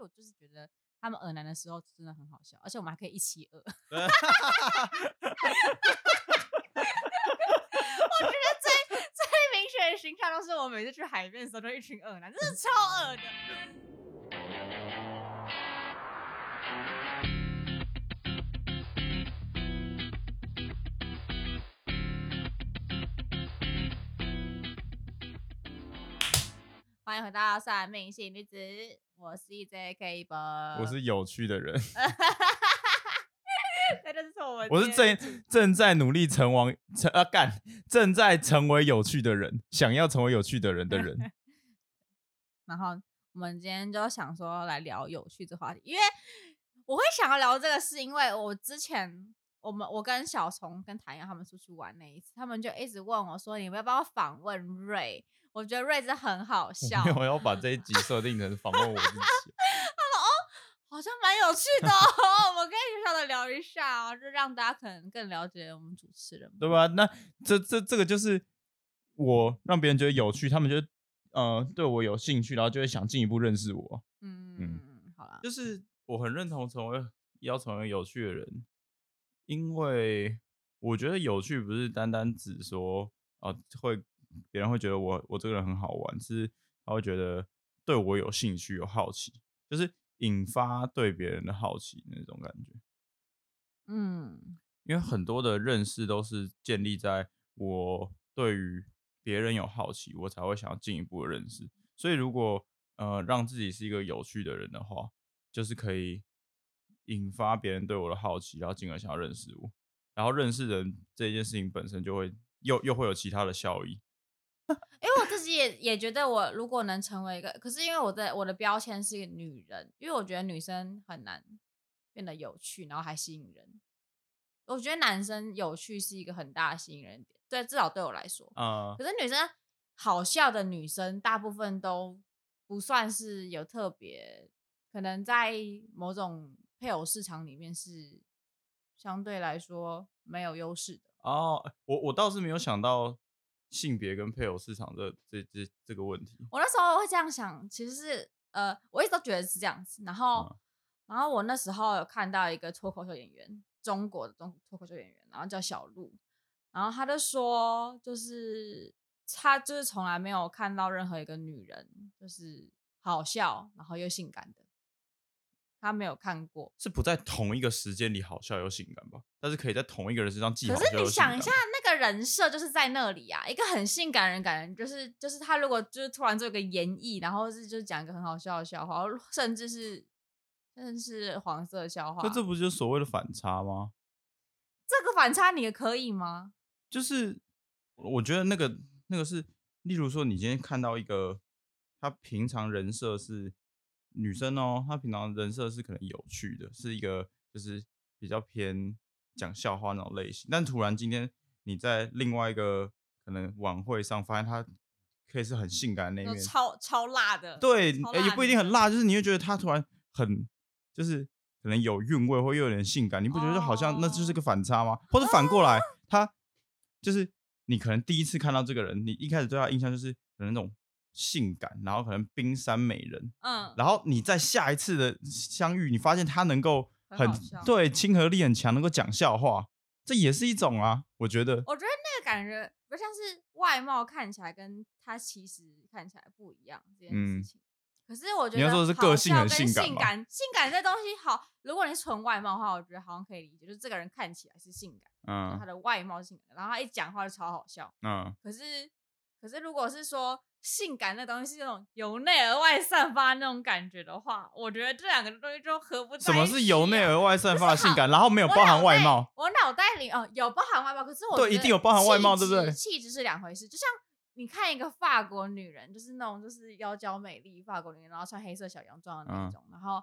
我就是覺得他們噁男的時候真的很好笑，而且我們還可以一起噁。我覺得最最明顯的形象都是我每次去海邊的時候都一群噁男，真 是超噁的。歡迎回到算命信女子。我是 J.K. 包，我是有趣的人，哈哈哈哈哈，那就是我們。我是正正在努力成王成呃干、啊，正在成為有趣的人，想要成為有趣的人的人。 然後我們今天就想說來聊有趣的話題，因為我會想要聊這個，是因為我之前我們我跟小蟲跟譚燕他們出去玩那一次，他們就一直問我說，你有沒有幫我訪問 Ray？我覺得 Ray 很好笑。因為我要把這一集設定成訪問我自己。 他說：“哦，好像蠻有趣的哦， 我們可以稍稍的聊一下啊、哦，就讓大家可能更了解我們主持人，對吧？”那這這這個就是我讓別人覺得有趣，他們就是、呃對我有興趣，然後就會想進一步認識我。嗯嗯嗯，嗯好了啦，就是我很認同成為要成為有趣的人，因為我覺得有趣不是單單只說啊、呃、會。別人會覺得我我這個人很好玩，是他會覺得對我有興趣、有好奇，就是引發對別人的好奇那種感覺。嗯，因為很多的認識都是建立在我對於別人有好奇，我才會想要進一步的認識。所以如果呃讓自己是一個有趣的人的話，就是可以引發別人對我的好奇，然後進而想要認識我。然後認識人這件事情本身就會又又會有其他的效益。 因為我自己也也覺得，我如果能成為一個，可是因為我的我的標籤是一個女人，因為我覺得女生很難變得有趣，然後還吸引人。我覺得男生有趣是一個很大的吸引人點，對，至少對我來說，uh, 可是女生好笑的女生大部分都不算是有特別，可能在某種配偶市場裡面是相對來說沒有優勢的。哦，oh, 我我倒是沒有想到。 性別跟配偶市場的這這這這個問題，我那時候會這樣想，其實是呃我一直都覺得是這樣子。然後，嗯，然後我那時候有看到一個脫口秀演員，中國的脫口秀演員，然後叫小鹿，然後他就說，就是他就是從來沒有看到任何一個女人就是好笑，然後又性感的。他沒有看過，是不在同一個時間裡好笑又性感吧？但是可以在同一個人身上既好笑又性感。可是你想一下，那個人設就是在那裡啊，一個很性感、人感人就是就是他如果就是突然做一個演繹，然後是就是講一個很好笑的笑話，甚至是甚至是黃色的笑話，那這不就是所謂的反差嗎？這個反差你也可以嗎？就是我覺得那個那個是，例如說你今天看到一個，他平常人設是。女生哦，她平常人設是可能有趣的是一個，就是比較偏講笑話那種類型。但突然今天你在另外一個可能晚會上發現她可以是很性感的那一面超超辣的，對，也不一定很辣，就是你會覺得她突然很就是可能有韻味，或又有點性感，你不覺得就好像那就是個反差嗎？Oh. 或者反過來，她，oh. 就是你可能第一次看到這個人，你一開始對她印象就是可能那種。性感，然後可能冰山美人，嗯，然後你在下一次的相遇，你發現他能夠很，很對，親和力很強，能夠講笑話，這也是一種啊，我覺得，我覺得那個感覺不像是外貌看起來跟他其實看起來不一樣這件事情。嗯，可是我覺得你要說的是個性很性感，性感，性感這東西好。如果你是純外貌的話，我覺得好像可以理解，就是這個人看起來是性感，嗯，他的外貌性感，然後他一講話就超好笑，嗯，可是，可是如果是說。性感那東西是那種由內而外散發的那種感覺的話，我覺得這兩個東西就合不起、啊。什麼是由內而外散發的性感，啊、然後沒有包含外貌？我，我腦袋裡哦，有包含外貌，可是我覺得對一定有包含外貌，氣對不對氣氣？氣質是兩回事，就像你看一個法國女人，就是那種就是妖嬌美麗法國女人，然後穿黑色小洋裝的那種，嗯、然後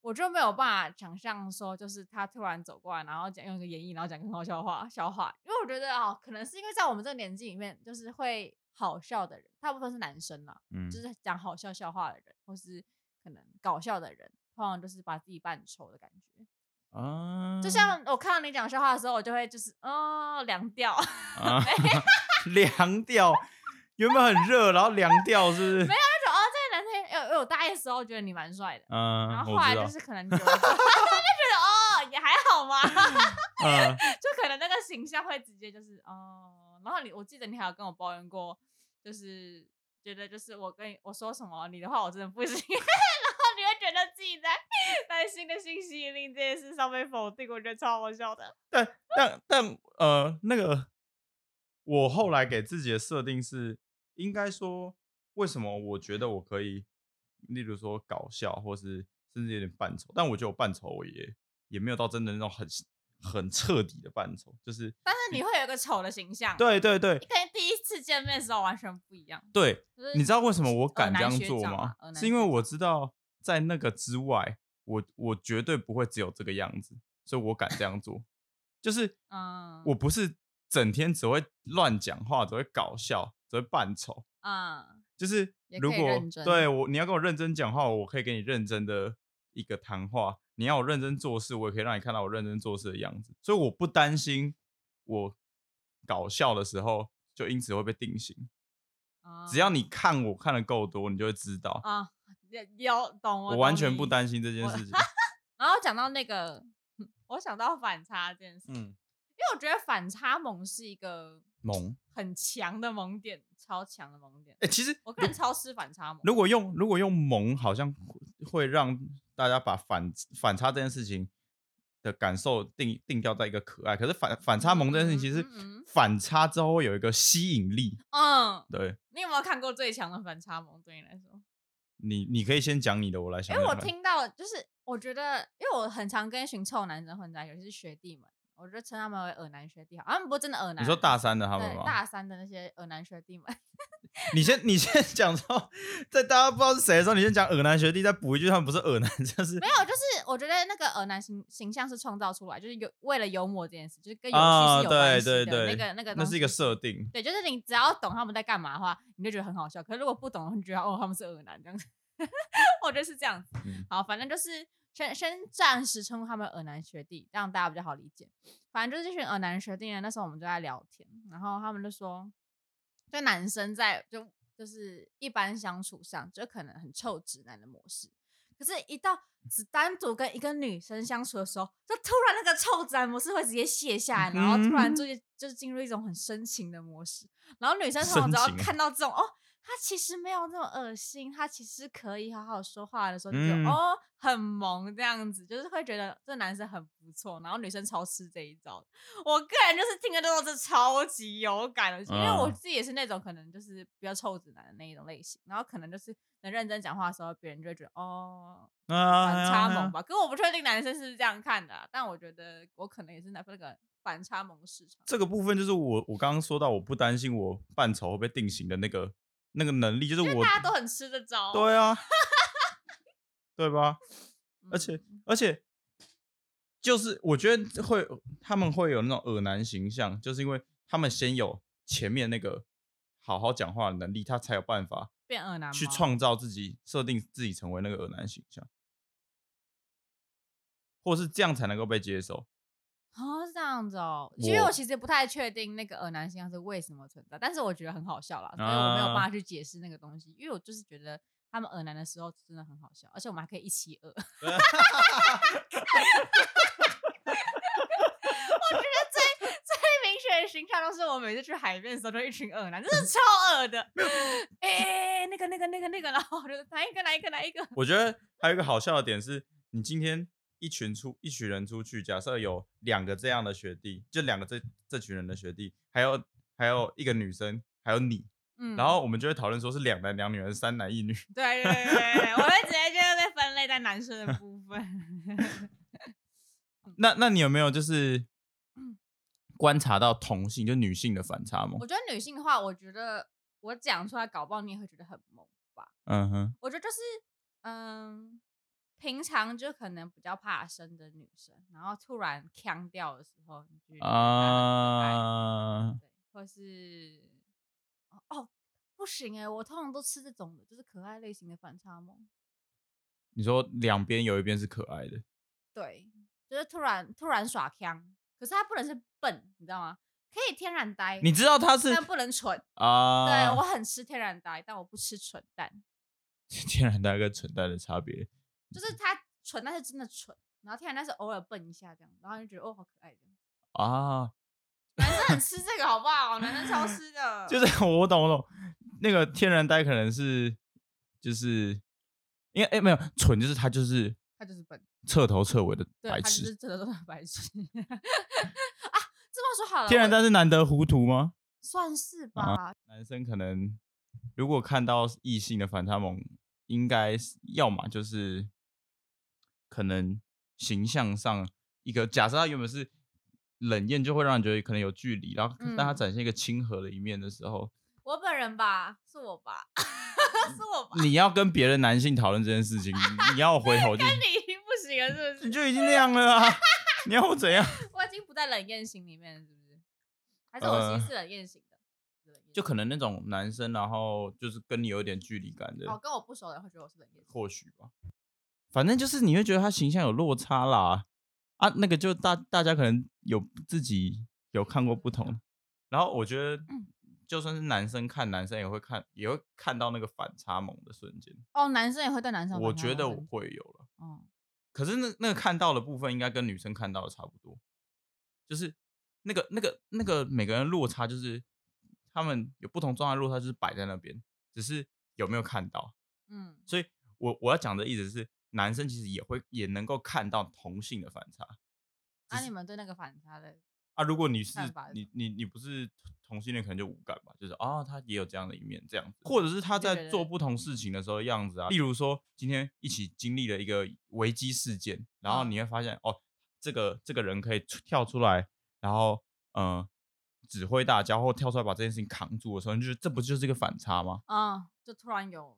我就沒有辦法想象說，就是她突然走過來，然後講用一個演繹，然後講一個很好笑話，笑話。因為我覺得哦，可能是因為在我們這個年紀裡面，就是會。好笑的人，大部分是男生嘛，嗯、就是講好笑笑話的人，或是可能搞笑的人，通常就是把自己扮醜的感覺、嗯、就像我看到你講笑話的時候，我就會就是哦，涼、呃、掉，涼、啊啊、掉， 原本很熱，然後涼掉是不是？沒有那種哦，這個男生，哎、呃、哎，呃、大 S，我大一的時候覺得你蠻帥的，嗯、啊，然後後來就是可能就會覺得 哦也還好嘛，嗯、 啊，就可。形象會直接就是哦，嗯，然後你我記得你還有跟我抱怨過，就是覺得就是我跟我說什麼你的話我真的不行。 然後你會覺得自己在擔心的信息令這件事上被否定，我覺得超好笑的。但但但呃，那個我後來給自己的設定是，應該說為什麼我覺得我可以，例如說搞笑，或是甚至有點扮醜，但我覺得我扮醜我也也沒有到真的那種很。很徹底的扮醜，就是，但是你會有一個醜的形象，對對對，跟第一次見面的時候完全不一樣。對，就是、你知道為什麼我敢這樣做嗎？啊、是因為我知道在那個之外，我我絕對不會只有這個樣子，所以我敢這樣做。 就是，我不是整天只會亂講話，只會搞笑，只會扮醜啊。嗯、就是如果對我，你要跟我認真講話，我可以給你認真的一個談話。你要我認真做事，我也可以讓你看到我認真做事的樣子，所以我不擔心我搞笑的時候就因此會被定型。啊、只要你看我看得夠多，你就會知道啊，有懂我，我完全不擔心這件事情。我哈哈然後講到那個，我想到反差這件事，嗯、因為我覺得反差萌是一個萌很強的萌點，超強的萌點。哎、欸，其實我看超視反差萌。如果用如果用萌，好像會讓。大家把反反差這件事情的感受定定調在一個可愛，可是反反差萌這件事情其實反差之後會有一個吸引力。嗯，對。你有沒有看過最強的反差萌？對你來說，你你可以先講你的，我來想，想。因為我聽到就是我覺得，因為我很常跟一群臭男生混在，尤其是學弟們。我就稱他們為噁男學弟好，好像不是真的噁男。你說大三的他們嗎？大三的那些噁男學弟們。你先，你先講說，在大家不知道是誰的時候，你先講噁男學弟，再補一句他們不是噁男。就是沒有。就是我覺得那個噁男形、形形象是創造出來，就是有為了幽默這件事，就是跟遊戲是有關係的。那個、啊、那個，那個、那是一個設定。對，就是你只要懂他們在幹嘛的話，你就覺得很好笑。可是如果不懂，你覺得哦，他們是噁男這樣子。 我覺得是這樣。好，反正就是。先先暫時稱呼他們“噁男學弟”，這樣，大家比較好理解。反正就是這群“噁男學弟”呢，那時候我們就在聊天，然後他們就說，對，男生在就就是一般相處上，就可能很臭直男的模式。可是，一到只單獨跟一個女生相處的時候，就突然那個臭直男模式會直接卸下來，然後突然、嗯、就就進入一種很深情的模式。然後女生通常只要看到這種情哦。他其實沒有那麼噁心，他其實可以好好說話的時候就，就、嗯、哦很萌這樣子，就是會覺得這男生很不錯。然後女生超吃這一招，我個人就是聽的都是超級有感的，啊、因為我自己也是那種可能就是比較臭直男的那一種類型，然後可能就是能認真講話的時候，別人就會覺得哦、啊、反差萌吧。啊啊啊、可是我不確定男生是這樣看的、啊，但我覺得我可能也是那個反差萌市場的事。這個部分就是我我剛剛說到，我不擔心我扮醜會被定型的那個。那個能力就是我，大家都很吃得着，哦，對啊， 對吧？而且而且，就是我覺得會他們會有那種惡男形象，就是因為他們先有前面那個好好講話的能力，他才有辦法變惡男，去創造自己設定自己成為那個惡男形象，或是這樣才能夠被接受。這樣子哦，其實我其實不太確定那個噁男形象是為什麼存在，但是我覺得很好笑啦，所以我沒有辦法去解釋那個東西，啊、因為我就是覺得他們噁男的時候真的很好笑，而且我們還可以一起噁。哈哈哈哈哈哈哈哈哈哈！ 我覺得最最明顯形象就是我每次去海邊的時候都一群噁男，真是超噁的。哎有、欸，那個那個那個那個，然後哪一個哪一個哪一個？一個一個我覺得還有一個好笑的點是，你今天。一群出一群人出去，假設有兩個這樣的學弟，就兩個這這群人的學弟，還有還有一個女生，還有你，嗯、然後我們就會討論，說是兩男兩女，還是三男一女？對對對， 我會直接就是被分類在男生的部分。呵呵 那那你有沒有就是觀察到同性就女性的反差嗎？我覺得女性的話，我覺得我講出來搞不好你也會覺得很懵吧？嗯哼，我覺得就是嗯。平常就可能比較怕生的女生，然後突然腔掉的時候，你可、uh、或是哦，不行哎，我通常都吃這種的，就是可愛類型的反差萌。你說兩邊有一邊是可愛的，對，就是突然突然耍腔，可是他不能是笨，你知道嗎？可以天然呆，你知道他是但不能蠢啊？Uh、對，我很吃天然呆，但我不吃蠢蛋。 天然呆跟蠢蛋的差別。就是他蠢，但是真的蠢，然後天然呆是偶爾笨一下這樣，然後就覺得哦，好可愛的啊！男生很吃這個，好不好？ 男生超吃的。就是我懂，我懂。那個天然呆可能是，就是因為哎、欸，沒有蠢，就是他就是他就是笨，徹頭徹尾的白癡，真的都是白癡 啊！這麼說好了，天然呆是難得糊塗嗎？算是吧、啊。男生可能如果看到異性的反差萌，應該是要麼就是。可能形象上一個假設，他原本是冷艷，就會讓你覺得可能有距離。然後當他展現一個親和的一面的時候、嗯，我本人吧，是我吧， 是我吧。你要跟別的男性討論這件事情， 你要回頭跟你已經不行了，是不是？你就已經那樣了啊？ 你要我怎樣？我已經不在冷艷型裡面，是不是？還是我心裡是冷艷型的？就可能那種男生，然後就是跟你有一點距離感的。哦，跟我不熟的人會覺得我是冷艷。或許吧。反正就是你會覺得他形象有落差啦，啊，那個就大大家可能有自己有看過不同，然後我覺得就算是男生看男生也會看，也會看到那個反差萌的瞬間。哦，男生也會對男生，我覺得我會有了。哦，可是那那個看到的部分應該跟女生看到的差不多，就是那個那個那個每個人落差就是他們有不同狀態落差就是擺在那邊，只是有沒有看到，嗯，所以我我要講的意思是。男生其實也會也能夠看到同性的反差，啊，你們對那個反差的啊，如果你是你你你不是同性戀，可能就無感吧，就是啊，他也有這樣的一面，這樣子，或者是他在做不同事情的時候的樣子啊，對對對對，例如說今天一起經歷了一個危機事件，然後你會發現、啊、哦，這個這個人可以跳出來，然後嗯、呃，指揮大家或跳出來把這件事情扛住的時候，你覺得這不就是一個反差嗎？啊，就突然有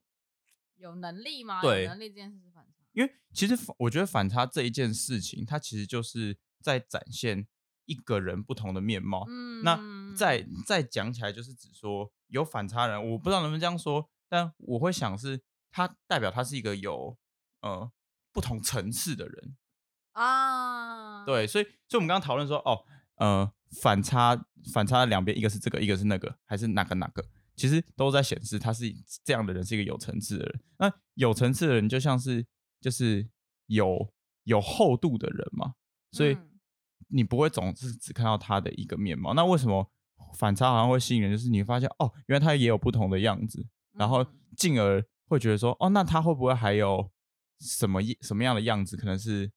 有能力嗎？對，能力這件事情。因為其實我覺得反差這一件事情，它其實就是在展現一個人不同的面貌。嗯，那再再講起來，就是指說有反差人，我不知道能不能這樣說，但我會想是他代表他是一個有呃不同層次的人啊。對，所以所以我們剛剛討論說，哦，呃，反差反差的兩邊，一個是這個，一個是那個，還是哪個哪個？其實都在顯示他是這樣的人，是一個有層次的人。那有層次的人，就像是。就是有有厚度的人嘛，所以你不會總是只看到他的一個面貌。那為什麼反差好像會吸引人？就是你發現哦，原來他也有不同的樣子，然後進而會覺得說哦，那他會不會還有什麼什麼樣的樣子？可能是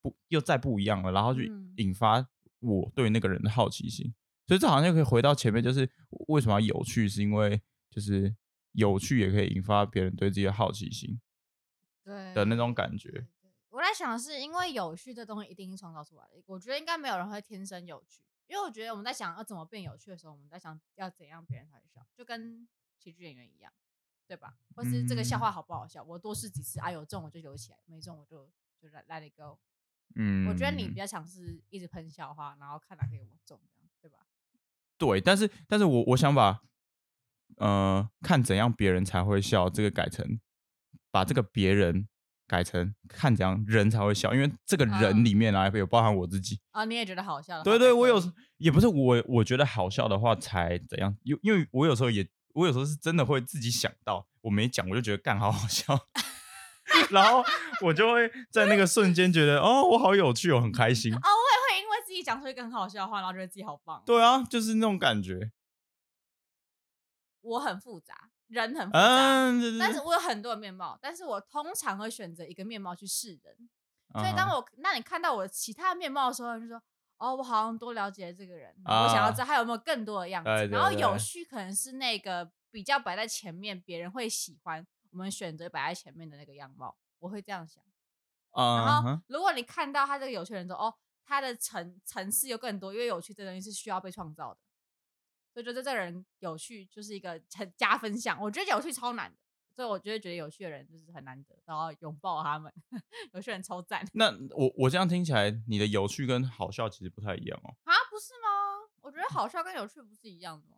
不，又再不一樣了，然後就引發我對那個人的好奇心。所以這好像又可以回到前面，就是為什麼要有趣？是因為就是有趣也可以引發別人對自己的好奇心。對的那種感覺，對對對，我在想是因為有趣這東西一定是創造出來的，我覺得應該沒有人會天生有趣，因為我覺得我們在想要怎麼變有趣的時候，我們在想要怎樣別人才會笑，就跟喜劇演員一樣，對吧？或是這個笑話好不好笑？嗯，我多試幾次啊，有中我就留起來，沒中我就就 let it go。嗯，我覺得你比較嘗試一直噴笑話，然後看哪個我中，這樣對吧？對，但是但是我我想把，呃，看怎樣別人才會笑這個改成。把這個別人改成看怎樣人才會笑，因為這個人裡面會、啊 uh. 有包含我自己啊，uh, 你也覺得好笑？對，對對，我有，嗯、也不是我我覺得好笑的話才怎樣，因因為我有時候也，我有時候是真的會自己想到我沒講，我就覺得幹好好笑， 然後我就會在那個瞬間覺得 哦，我好有趣、哦，我很開心啊，uh, 我也會因為自己講出一個很好笑的話，然後覺得自己好棒，哦。對啊，就是那種感覺。我很複雜。人很複雜、嗯、對對對但是我有很多的面貌，但是我通常會選擇一個面貌去示人。Uh huh. 所以當我那你看到我其他面貌的時候，你就說哦，我好像多了解這個人，我、uh huh. 想要知道他有沒有更多的樣子。Uh huh. 然後有趣可能是那個比較擺在前面，對對對別人會喜歡我們選擇擺在前面的那個樣貌，我會這樣想。Uh huh. 然後如果你看到他這個有趣的人之後，哦，他的層層次又更多，因為有趣這東西是需要被創造的。所以覺得這個人有趣，就是一個很加分項。我覺得有趣超難的，所以我覺得覺得有趣的人就是很難得，然後擁抱他們。有趣的人超讚。那我我這樣聽起來，你的有趣跟好笑其實不太一樣哦。啊，不是嗎？我覺得好笑跟有趣不是一樣的嗎？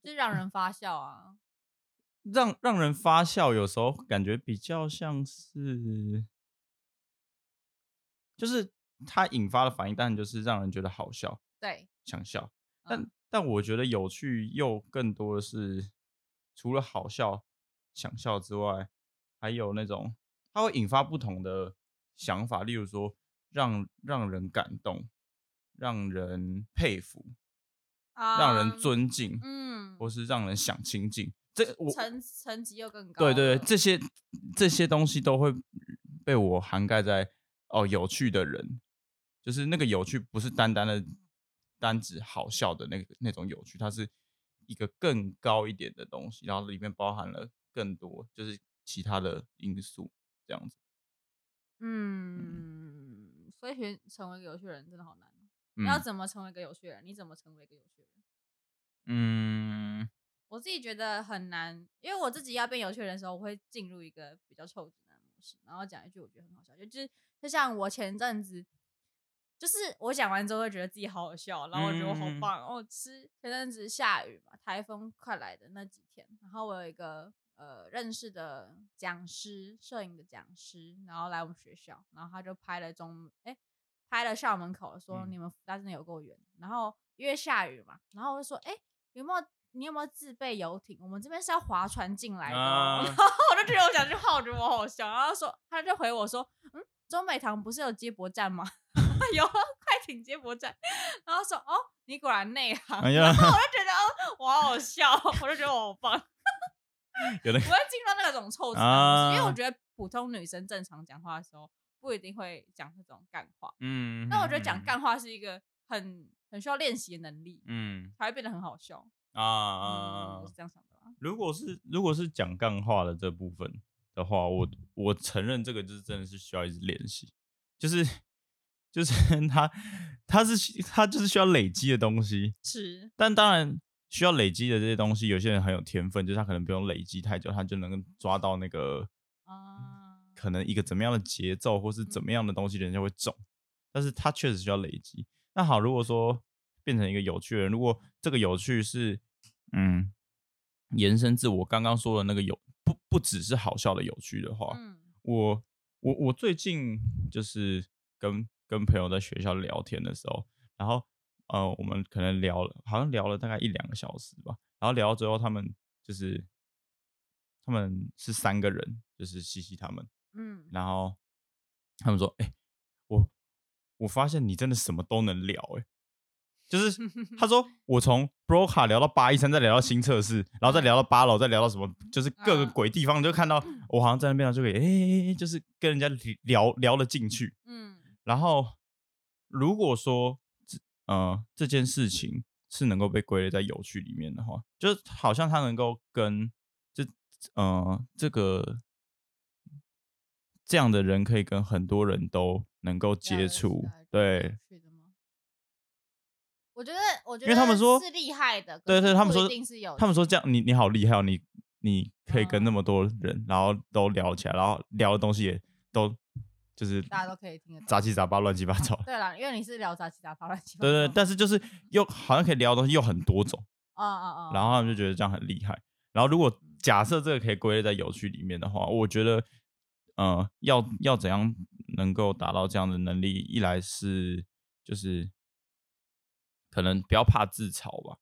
就是讓人發笑啊。讓讓人發笑，有時候感覺比較像是，就是它引發的反應，當然就是讓人覺得好笑，對，想笑。但但我覺得有趣又更多的是除了好笑想笑之外，還有那種它會引發不同的想法，例如說讓讓人感動、讓人佩服啊、uh, 讓人尊敬，嗯，或是讓人想親近。這我層層級又更高。對對對，這些這些東西都會被我涵蓋在哦，有趣的人就是那個有趣，不是單單的。單指好笑的那個那種有趣，它是一個更高一點的東西，然後裡面包含了更多，就是其他的因素這樣子。嗯，嗯，所以學成為一個有趣人真的好難。嗯、要怎麼成為一個有趣人？你怎麼成為一個有趣人？嗯，我自己覺得很難，因為我自己要變有趣人的時候，我會進入一個比較臭直男模式，然後講一句我覺得很好笑，就就是就像我前陣子。就是我講完之後會覺得自己好好笑，然後我覺得我好棒。然、嗯哦、吃前陣子下雨嘛，台風快來的那幾天，然後我有一個呃認識的講師，攝影的講師，然後來我們學校，然後他就拍了中哎、欸，拍了校門口說、嗯、你們福大真的有夠遠，然後因為下雨嘛，然後我就說哎、欸、有沒有你有沒有自備遊艇？我們這邊是要划船進來的，呃、然後我就覺得我想去，我覺得我好笑，然後他說他就回我說嗯，中美堂不是有接駁站嗎？ 有快艇接駁站，然後說哦，你果然內行，哎、呀然後我就覺得哦，我好好笑，我就覺得我好棒。 那個、我會進入那種湊詞，啊、因為我覺得普通女生正常講話的時候不一定會講這種乾話，嗯，那我覺得講乾話是一個很很需要練習的能力，嗯，才會變得很好笑啊啊、嗯，我是這樣想的。如果是如果是講乾話的這部分的話，我我承認這個就是真的是需要一直練習，就是。就是他，他是他就是需要累積的東西，是。但當然需要累積的這些東西，有些人很有天分，就是他可能不用累積太久，他就能抓到那個可能一個怎麼樣的節奏或是怎麼樣的東西，人家會中。但是他確實需要累積。那好，如果說變成一個有趣的人，如果這個有趣是嗯，延伸至我剛剛說的那個有不不只是好笑的有趣的話，我我我最近就是跟。跟朋友在學校聊天的時候，然後呃，我們可能聊了，好像聊了大概一兩個小時吧。然後聊到最後，他們就是他們是三個人，就是西西他們，嗯，然後他們說：“哎、欸，我我發現你真的什麼都能聊，欸，哎，就是他說我從 Broca 聊到八一三，再聊到新測試，然後再聊到八樓，再聊到什麼，就是各個鬼地方，就看到我好像在那邊就可以，哎、欸，哎、欸、哎、欸，就是跟人家聊聊了進去，嗯。”然後，如果說，這呃這件事情是能夠被歸類在有趣裡面的話，就好像他能夠跟這呃這個這樣的人可以跟很多人都能夠接觸，對。是的嗎？我覺得，我覺得，因為他們說是厲害的，對，對對，他們說一定是有，他們說這樣，你你好厲害哦，你你可以跟那麼多人、嗯、然後都聊起來，然後聊的東西也都。就是大家都可以聽得雜七雜八、亂七八糟。 對啦，因為你是聊雜七雜八、亂七八糟。對對，但是就是又好像可以聊的東西又很多種。嗯嗯嗯，嗯嗯然後他們就覺得這樣很厲害。然後如果假設這個可以歸類在有趣裡面的話，我覺得，嗯、呃、要要怎樣能夠達到這樣的能力？一來是就是可能不要怕自嘲吧。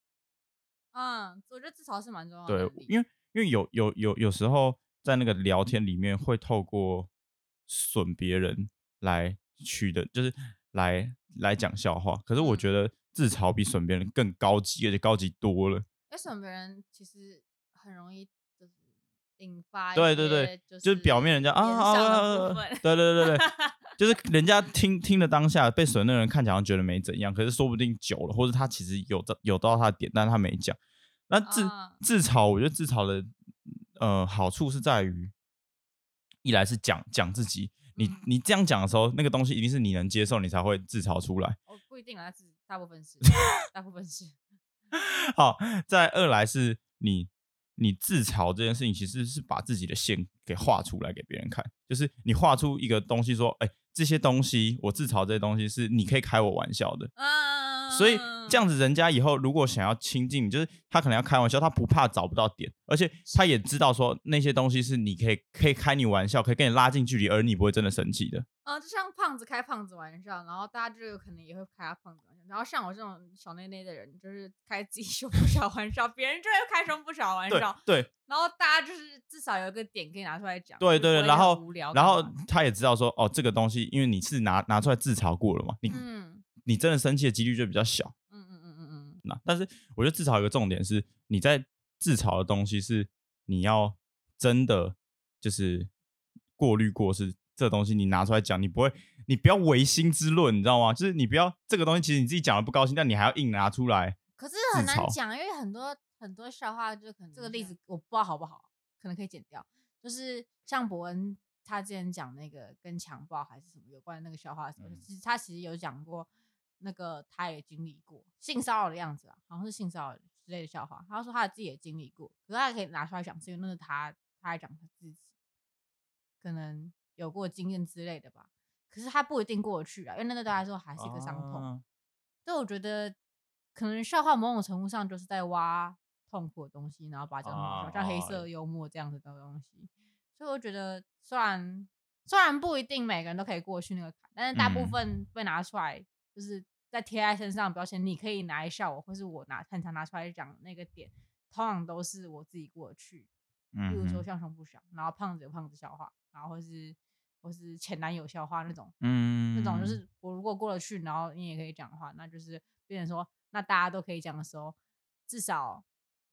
嗯，我覺得自嘲是蠻重要的。對，因為因為有有有有時候在那個聊天裡面會透過。損別人來取的，就是來來講笑話。可是我覺得自嘲比損別人更高級，而且高級多了。因為損別人其實很容易，就是引發一些，對對對，就是表面人家啊啊，啊，啊，啊，啊啊，對對對對， 就是人家聽聽的當下被損的人看起來好像覺得沒怎樣，可是說不定久了，或者他其實有到有到他的點，但他沒講。那自、啊、自嘲，我覺得自嘲的呃好處是在於。一來是講講自己，你你這樣講的時候，那個東西一定是你能接受，你才會自嘲出來。哦，不一定啊，自大部分是， 大部分是。好，再來二來是你你自嘲這件事情，其實是，是把自己的線給畫出來給別人看，就是你畫出一個東西，說，哎、欸，這些東西我自嘲，這些東西是你可以開我玩笑的。嗯。所以這樣子，人家以後如果想要親近你，就是他可能要開玩笑，他不怕找不到點，而且他也知道說那些東西是你可以可以開你玩笑，可以跟你拉近距離，而你不會真的生氣的。嗯、呃，就像胖子開胖子玩笑，然後大家就有可能也會開他胖子玩笑。然後像我這種小內內的人，就是開自己胸不少玩笑，別 人就會開什麼不少玩笑。對，對然後大家就是至少有一個點可以拿出來講。對，對對，然後無聊。然後他也知道說，哦，這個東西，因為你是拿拿出來自嘲過了嘛，你，嗯。你真的生氣的幾率就比較小，嗯嗯嗯嗯嗯，那、啊、但是我覺得自嘲一個重點是，你在自嘲的東西是你要真的就是過濾過，是這個東西你拿出來講，你不會，你不要違心之論，你知道嗎？就是你不要這個東西，其實你自己講的不高興，但你還要硬拿出來。可是很難講，因為很多很多笑話就可能這個例子我不知道好不好，可能可以剪掉。就是像博恩他之前講那個跟強暴還是什麼有關的那個笑話，其實、嗯、他其實有講過。那個他也經歷過性騷擾的樣子啊，好像是性騷擾之類的笑話。他說他自己也經歷過，可是他可以拿出來講，是因為那是他，他在講他自己可能有過經驗之類的吧。可是他不一定過得去啊，因為那個對他來說還是一個傷痛。所以、uh、我覺得，可能笑話某種程度上就是在挖痛苦的東西，然後把這種出、uh、像黑色幽默這樣子的東西。Uh、所以我覺得，雖然雖然不一定每個人都可以過去那個坎，但是大部分被拿出來。就是在貼在身上標籤，你可以拿來笑我，或是我拿很常，常拿出來講那個點，通常都是我自己過得去。嗯哼，比如說像胸不小，然後胖子有胖子笑話，然後或是或是前男友笑話那種，嗯，那種就是我如果過得去，然後你也可以講話，那就是變成說，那大家都可以講的時候，至少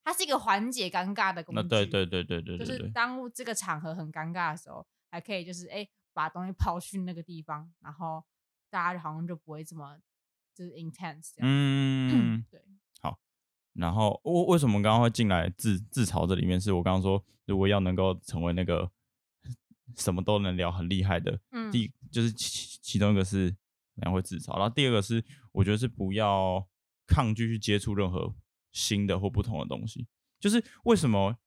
它是一個緩解尷尬的工具。那對，對，對，對對對對對，就是當這個場合很尷尬的時候，還可以就是誒，欸，把東西拋去那個地方，然後。大家好像就不會這麼就是 intense 嗯，嗯，對，好，然後我為什麼剛剛會進來自自嘲？這裡面是我剛剛說，如果要能夠成為那個什麼都能聊很厲害的，嗯、第就是其其中一個是然後會自嘲，然後第二個是我覺得是不要抗拒去接觸任何新的或不同的東西，就是為什麼？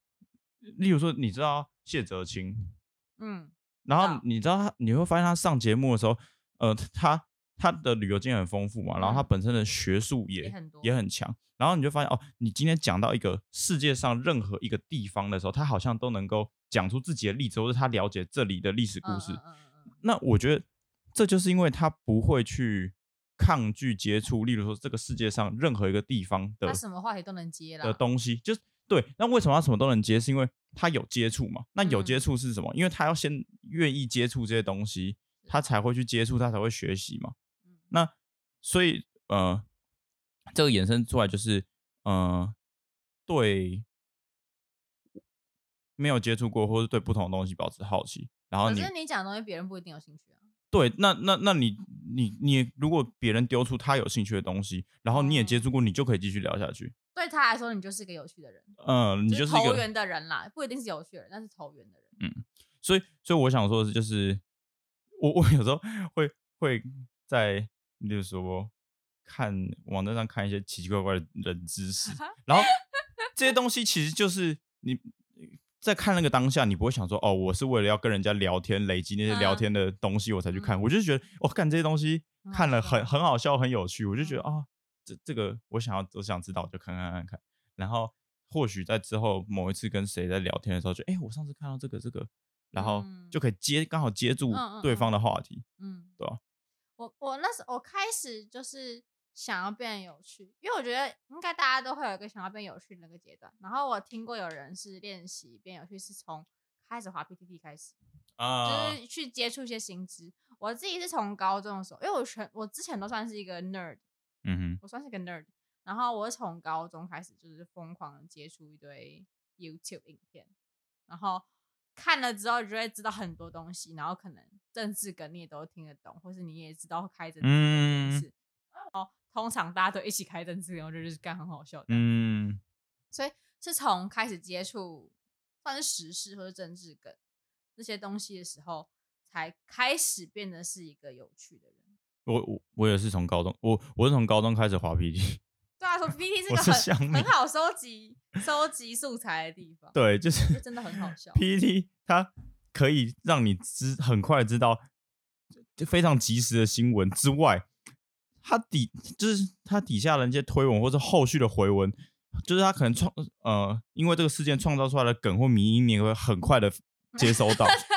例如說，你知道謝哲青，嗯，然後你知道他，No. 你會發現他上節目的時候。呃，他他的旅遊經驗很豐富嘛，然後他本身的學術也也很，也很強，然後你就發現哦，你今天講到一個世界上任何一個地方的時候，他好像都能夠講出自己的例子，或者他了解這裡的歷史故事。嗯嗯嗯嗯、那我覺得這就是因為他不會去抗拒接觸，例如說這個世界上任何一個地方的，他什麼話題都能接啦的東西，就是對。那為什麼他什麼都能接？是因為他有接觸嘛？那有接觸是什麼？嗯、因為他要先願意接觸這些東西。他才會去接觸，他才會學習嘛。嗯。那所以呃，這個衍生出來就是呃，對沒有接觸過，或者是對不同的東西保持好奇。然後你可是你講的東西，別人不一定有興趣啊。對，那那那你你你，你如果別人丟出他有興趣的東西，然後你也接觸過，你就可以繼續聊下去。嗯。對他來說，你就是一個有趣的人。嗯，你就是個投緣的人啦，不一定是有趣的人，但是投緣的人。嗯，所以所以我想說的是，就是。我我有時候會會在，比如說看網站上看一些奇奇怪怪的冷知識，uh huh. 然後這些東西其實就是你在看那個當下，你不會想說哦，我是為了要跟人家聊天，累積那些聊天的東西、uh huh. 我才去看。我就覺得我、哦、看這些東西、uh huh. 看了很很好笑，很有趣，我就覺得啊、uh huh. 哦，這這個我想要我想知道就看看看看。然後或許在之後某一次跟誰在聊天的時候，就哎，我上次看到這個這個。然後就可以接、嗯、剛好接住對方的話題，嗯，嗯嗯對吧。我我那時我開始就是想要變有趣，因為我覺得應該大家都會有一個想要變有趣的那個階段。然後我聽過有人是練習變有趣是從開始滑 PTT 開始，啊、嗯，就是去接觸一些新知。我自己是從高中的時候，因為我全我之前都算是一個 nerd，嗯哼，我算是個 nerd。然後我從高中開始就是瘋狂接觸一堆 YouTube 影片，然後。看了之後你就會知道很多東西，然後可能政治梗你也都聽得懂，或是你也知道會開政治梗的哦，嗯、通常大家都一起開政治梗，我覺得就是幹很好笑的。嗯，所以是從開始接觸算是時事或者政治梗這些東西的時候，才開始變得是一個有趣的人。我我我也是從高中，我我也是從高中開始滑 PTT。說：“P T 是個很很好收集收 集素材的地方。對，就是就真的很好笑。P T 它可以讓你知很快知道非常及時的新聞之外，它底就是它底下那些推文或者後續的回文，就是它可能創呃，因為這個事件創造出來的梗或迷因，你會很快的接收到。”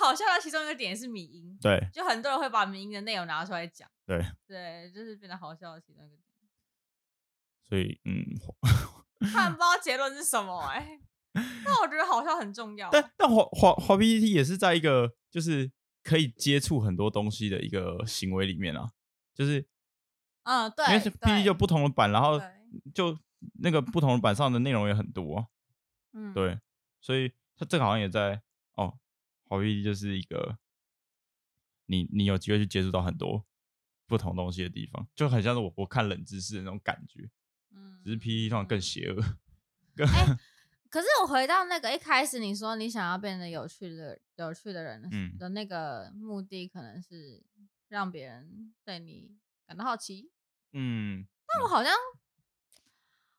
好笑的其中一個點是迷因，對，就很多人會把迷因的內容拿出來講，對，對，就是變得好笑的其中一個點。所以，嗯，看不知道結論是什麼哎、欸，那 我覺得好笑很重要、欸，但。但但華華華 PTT 也是在一個就是可以接觸很多東西的一個行為裡面啊，就是，嗯，對，因為 PTT 就不同的版，對然後就那個不同的版上的內容也很多、啊，嗯對，對，所以它正好像也在哦。P.E. 就是一個，你你有機會去接觸到很多不同東西的地方，就很像是我我看冷知識的那種感覺，嗯，只是 P.E. 通常更邪惡。哎，可是我回到那個一開始你說你想要變得有趣的、有趣的人的，那個目的可能是讓別人對你感到好奇，嗯，但我好像、嗯、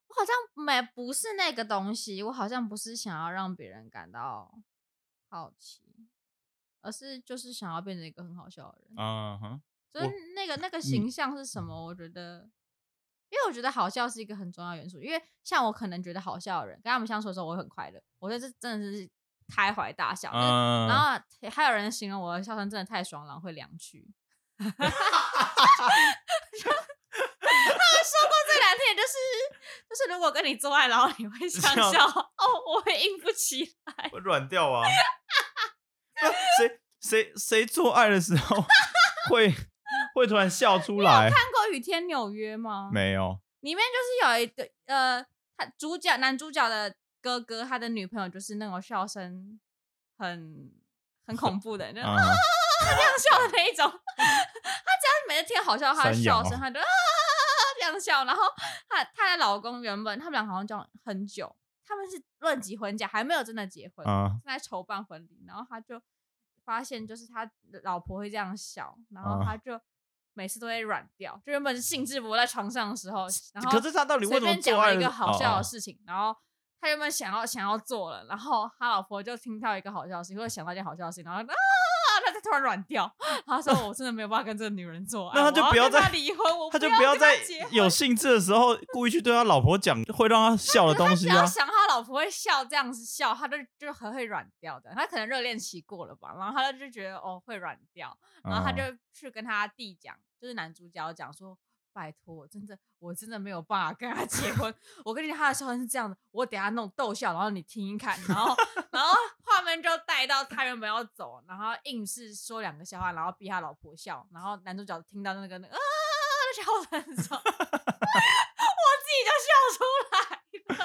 我好像沒不是那個東西，我好像不是想要讓別人感到好奇。而是就是想要變成一個很好笑的人啊，哈！所以那個那個形象是什麼？我覺得，因為我覺得好笑是一個很重要元素。因為像我可能覺得好笑的人，跟他們相處的時候，我會很快樂，我覺得這真的是開懷大笑。然後還有人形容我的笑聲真的太爽朗，會涼去。他們說過這兩天就是就是如果跟你做愛，然後你會想笑哦，我會硬不起來，我軟掉啊。誰誰誰做愛的時候會會突然笑出來？你有看過《雨天紐約》嗎？沒有，裡面就是有一個呃，他主角、男主角的哥哥，他的女朋友就是那種笑聲很很恐怖的那種，這樣笑的那一種。他只要每天好笑，他的笑聲他就這樣笑。然後他他的老公原本他們倆好像交往很久，他們是論及婚嫁，還沒有真的結婚，uh, 正在籌辦婚禮。然後他就發現，就是他老婆會這樣笑，然後他就每次都會軟掉。就原本興致勃勃在床上的時候，然後可是他到邊隨便講了一個好笑的事情，然後他原本想要想要做了，然後他老婆就聽到一個好消息，或者想到一件好消息，然後啊。突然軟掉，他說：“我真的沒有辦法跟這個女人做愛，那他就不要再離婚，他，婚他就不要再有興致的時候故意去對他老婆講會讓他笑的東西啊。只要想他老婆會笑，這樣子笑，他就就很會軟掉的。他可能熱戀期過了吧，然後他就覺得哦會軟掉，然後他就去跟他弟講，就是男主角講說：拜托，真的我真的沒有辦法跟他結婚。 我跟你他的笑聲是這樣的，我等下弄逗笑，然後你聽一看，然後然後。” 他們就帶到他原本要走，然後硬是說兩個笑話，然後逼他老婆笑，然後男主角聽到那個那個啊的笑聲， 我自己就笑出來了。為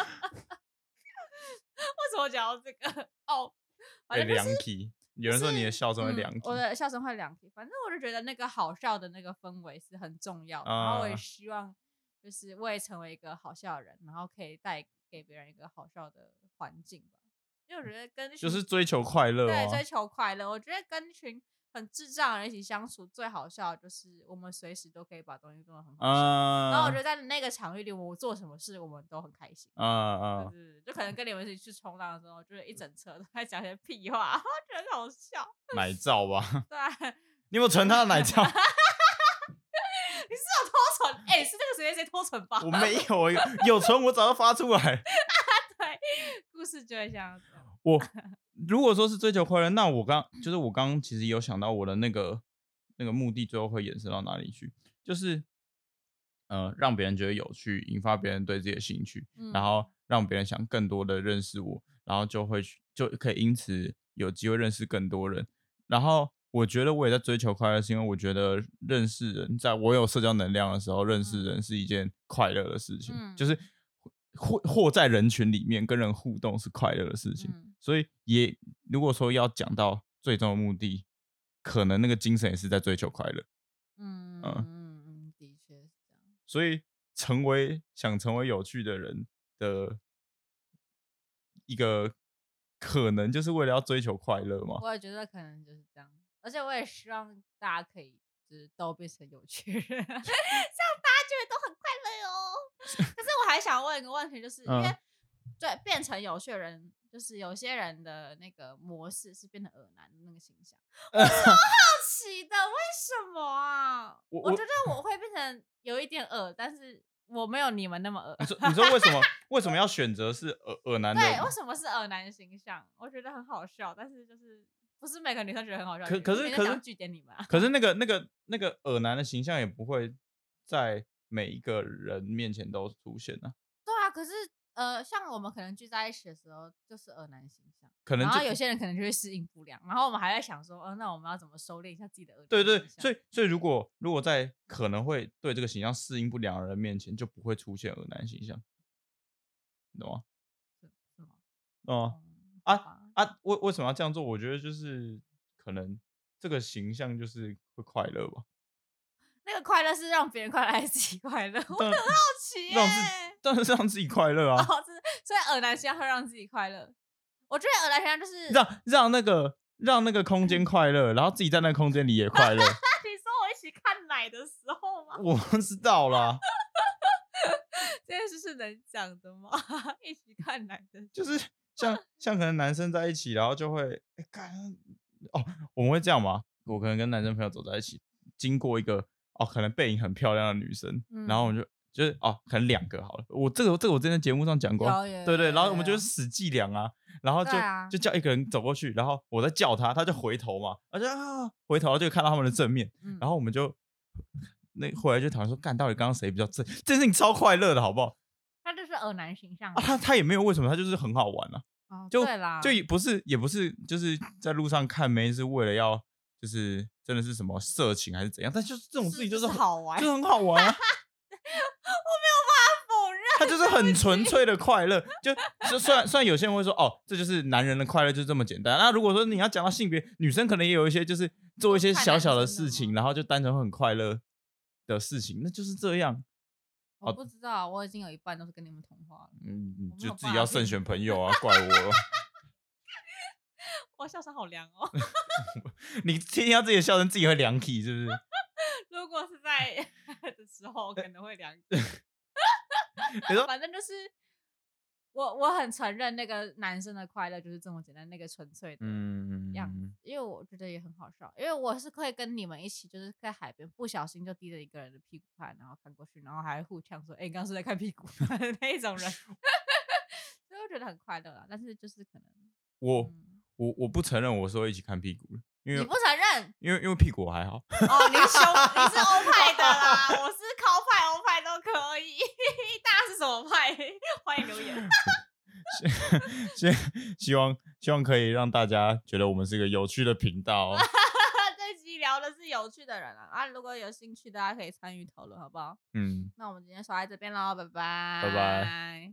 什麼講到這個？哦，涼皮、就是，有人說你的笑聲會涼皮、嗯，我的笑聲會涼皮。反正我就覺得那個好笑的那個氛圍是很重要的，啊、然後我也希望就是我也成為一個好笑的人，然後可以帶給別人一個好笑的環境吧。因為我覺得跟就是追求快樂，對，追求快樂。啊、我覺得跟一群很智障的人一起相處最好笑，就是我們隨時都可以把東西弄得很好笑，呃、然後我覺得在那個場域裡，我做什麼事我們都很開心。嗯嗯，就是就可能跟你們一起去衝浪的時候，就是一整車都在講些屁話，我覺得很好笑。奶罩吧？對。你有存他的奶罩？ 你是有脫存？哎，欸，是那個誰誰誰脫存吧？我沒有有有存，我早就發出來。 是追求我如果說是追求快樂，那我剛就是我剛其實有想到我的那個那個目的，最後會延伸到哪裡去？就是呃，讓別人覺得有趣，引發別人對自己的興趣，然後讓別人想更多的認識我，然後就會去就可以因此有機會認識更多人。然後我覺得我也在追求快樂，是因為我覺得認識人，在我有社交能量的時候，認識人是一件快樂的事情，嗯、就是。或或在人群裡面跟人互動是快樂的事情，嗯、所以也如果說要講到最終的目的，可能那個精神也是在追求快樂。嗯嗯嗯，嗯的確是這樣。所以成為想成為有趣的人的一個可能，就是為了要追求快樂嗎？我也覺得可能就是這樣。而且我也希望大家可以就是都變成有趣人。 可是我還想問一個問題，就是因為對變成有些人，就是有些人的那個模式是變成噁男的那個形象，我超好奇的，為什麼啊？我覺得我會變成有一點噁，但是我沒有你們那麼噁。你說為什麼？ 為什麼要選擇是噁噁男？對，為什麼是噁男形象？我覺得很好笑，但是就是不是每個女生覺得很好笑？可可是可是點你們，可是那個那個那個噁男的形象也不會在。每一個人面前都出現了。啊，對啊，可是呃，像我們可能聚在一起的時候，就是惡男形象，可能就，然後，有些人可能就會適應不良，然後我們還在想說，嗯、呃，那我們要怎麼收斂一下自己的惡？對，對對，所以對所以如果如果在可能會對這個形象適應不良的人面前，就不會出現惡男形象，懂嗎？嗯、懂嗎？哦、嗯、啊、嗯、啊、啊，為為什麼要這樣做？我覺得就是可能這個形象就是會快樂吧。那個快樂是讓別人快樂還是自己快樂？我很好奇、欸。但是讓，讓自己快樂啊、哦！所以噁男形象會讓自己快樂。我覺得噁男形象就是讓讓那個讓那個空間快樂，欸、然後自己在那個空間裡也快樂。 你說我一起看奶的時候嗎？我知道啦。這件事是能講的嗎？一起看奶的時候，就是像像可能男生在一起，然後就會、欸、哦，我們會這樣嗎？我可能跟男生朋友走在一起，經過一個。哦，可能背影很漂亮的女生，嗯、然後我們就就是哦，可能兩個好了。我這個這個我之前節目上講過，對對。然後我們就死伎倆啊，啊然後就、啊、就叫一個人走過去，然後我再叫他，他就回頭嘛，我就、啊、回頭就看到他們的正面，嗯、然後我們就那後來就討論說，幹到底剛剛誰比較正？這是你超快樂的好不好？他就是噁男形象啊，他他也沒有為什麼，他就是很好玩啊，哦、對啦就就也不是也不是就是在路上看妹是為了要就是。真的是什麼色情還是怎樣？但就是這種自己就是，是，是好玩，就很好玩啊。 我沒有辦法否認。他就是很純粹的快樂，就就算雖然有些人會說哦，這就是男人的快樂，就這麼簡單。那如果說你要講到性別，女生可能也有一些就是做一些小小，小的事情，然後就單純很快樂的事情，那就是這樣。我不知道，我已經有一半都是跟你們同化了。嗯，你就自己要慎要選朋友啊，怪我。 哇，笑聲好涼哦！ 你聽到自己的笑聲，自己會涼氣，是不是？ 如果是在的時候，可能會涼。比如說，反正就是我，我很承認那個男生的快樂就是這麼簡單，那個純粹的樣子。嗯、因為我覺得也很好笑，因為我是可以跟你們一起，就是在海邊不小心就盯着一個人的屁股看，然後看過去，然後還互嗆說：“哎、欸，你剛剛是在看屁股？” 那一種人， 所以我覺得很快樂啊。但是就是可能我。嗯我我不承認我是會一起看屁股的，因為你不承認，因為因為屁股我還好。哦，你是歐你是歐派的啦， 我是靠派歐派都可以，大家是什麼派？ 歡迎留言。希 希望希望可以讓大家覺得我們是一個有趣的頻道。這期 聊的是有趣的人啊，啊，如果有興趣的話，大家可以參與討論，好不好？嗯，那我們今天說到這邊啦，拜拜，拜拜。